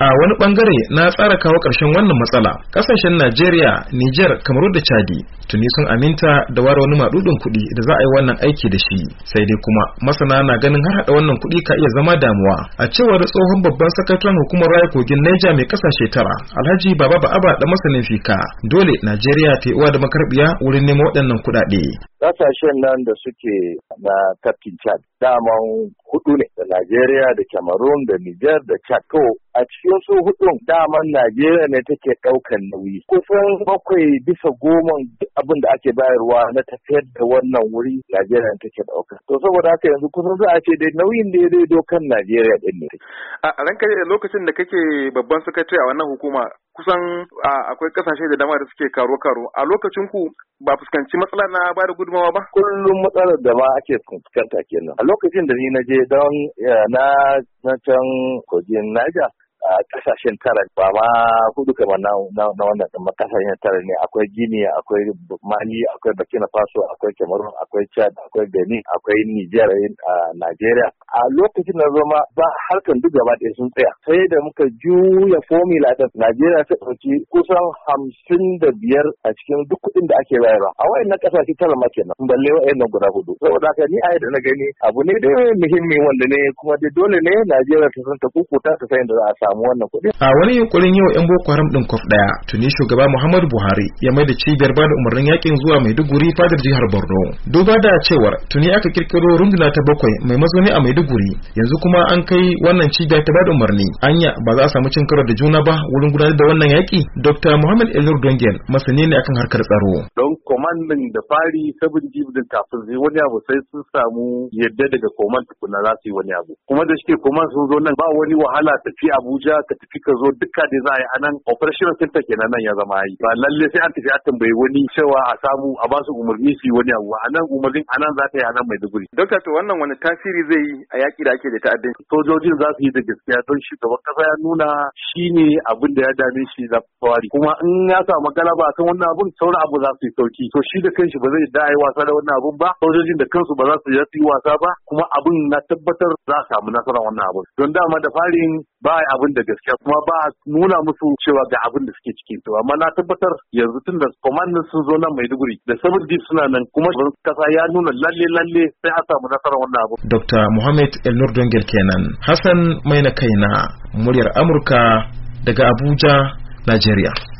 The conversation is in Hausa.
a wani bangare na tsara kawo ƙarshen wannan matsala ƙasashen najeriya niger kamaru da chadi tuni sun aminta da ware wani maɗuɗin kuɗi da za a yi wannan aiki da shi sai dai kuma masana na ganin har haɗa wannan kuɗi ka iya zama damuwa a cewar tsohon babban sakataren hukumar raya kogin niger mai ƙasashe tara alhaji baba ba'aba da masanin fika dole najeriya ta yi uwa da makarbiya wurin neman waɗannan kuɗaɗe Kasashen nan da suke na tafkin Chad daman hudu ne da Najeriya da Cameroon da Niger da Chad. To a cikin su hudun daman Najeriya ne take daukan nauyi. Kusan bakwai bisa goma abin da ake bayarwa na tafiyar da wannan wuri Najeriya take dauka. To saboda haka yanzu kusan za a ce dai nauyin da ya dokan Najeriya din ne. A ranka lokacin da kake babban sakatare a wannan hukuma kusan akwai kasashe da dama da suke karo-karo a lokacin ku ba fuskanci matsala na ba da gudunmawa ba? Kullum matsalar da ma ake fuskanta kenan. A lokacin da ni na je don eh, na na can kogin Niger a kasashen tara ba ma hudu kamar na wannan kasashen tara ne akwai gini akwai mali akwai burkina faso akwai cameroon akwai chad akwai benin akwai niger eh, a nigeria a lokacin na zoma ba harkan duk gaba ɗaya sun tsaya sai da muka juya formula ta Najeriya ta ɗauki kusan hamsin da biyar a cikin duk kuɗin da ake bayarwa a wayannan ƙasashe tara ma kenan balle wayannan guda hudu saboda haka ni a da na gani abu ne da muhimmi wanda ne kuma da dole ne Najeriya ta san ta kukuta ta san da za a samu wannan kuɗi a wani yunkurin yau yan Boko Haram din kwaf daya tuni shugaba Muhammadu Buhari ya mai da cibiyar ba da umarnin yakin zuwa Maiduguri fadar jihar Borno duba da cewar tuni aka kirkiro runduna ta bakwai mai mazauni a Maiduguri yanzu kuma an kai wannan cibiya ta bada umarni anya ba za a samu cin karo da juna ba wurin gudanar da wannan yaki Dr. Muhammad elur Dongen masani ne akan harkar tsaro don komandin da fari sabon jibin kafin zai wani abu sai sun samu yadda daga komand tukuna za su wani abu kuma da shike komand sun zo nan ba wani wahala tafi Abuja ka tafi ka zo duka da za a yi anan operation center kenan nan ya zama yi ba lalle sai an tafi a tambayi wani cewa a samu a ba su umarni su yi wani abu anan umarnin anan za ta yi anan Maiduguri. Dokta to wannan wani tasiri zai yi a yaki da ake da ta'addanci sojojin za su yi da gaskiya don shugaban kasa ya nuna shi ne abin da ya dame shi na fari kuma in ya samu galaba kan wannan abun sauran abu za su yi sauki to shi da kanshi ba zai da wasa da wannan abun ba sojojin da kansu ba za su yi wasa ba kuma abin na tabbatar za a samu nasara wannan abun don dama da farin ba abin da gaskiya kuma ba nuna musu cewa ga abin da suke ciki to amma na tabbatar yanzu tun da komandin sun zo nan Maiduguri da sabon deep suna nan kuma kasa ya nuna lalle lalle sai a samu nasarar wannan abu Dr. Mohammed El Nur Dongel kenan Hassan Maina Kaina muryar Amurka daga Abuja Nigeria